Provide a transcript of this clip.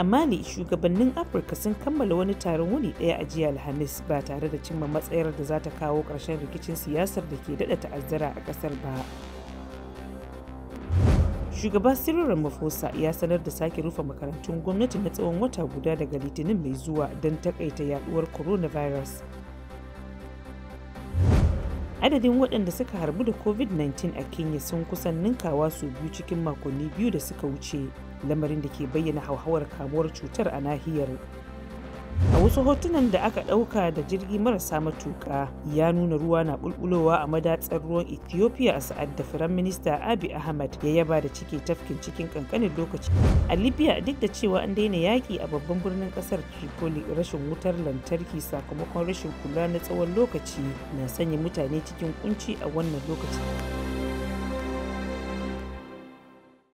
a mali shugabannin afirka sun kammala wani taron wuni daya a jiya alhamis ba tare da cimma matsayar da za ta kawo ƙarshen rikicin siyasar da ke daɗa ta'azzara a ƙasar ba shugaba cyril ramaphosa ya sanar da sake rufe makarantun gwamnati na tsawon wata guda daga litinin mai zuwa don takaita yaduwar coronavirus adadin waɗanda suka harbu da covid-19 a kenya sun kusan ninkawa su biyu cikin makonni biyu da suka wuce lamarin da ke bayyana hauhawar kamuwar cutar a nahiyar a wasu hotunan da aka ɗauka da jirgi marasa matuƙa ya nuna ruwa na bulbulowa a madatsar ruwan ethiopia a sa'ad da firan minista abi ahmad ya yaba da cike tafkin cikin kankanin lokaci a libya duk da cewa an daina yaƙi a babban birnin ƙasar tripoli rashin wutar lantarki sakamakon rashin kula na tsawon lokaci na sanya mutane cikin kunci a wannan lokacin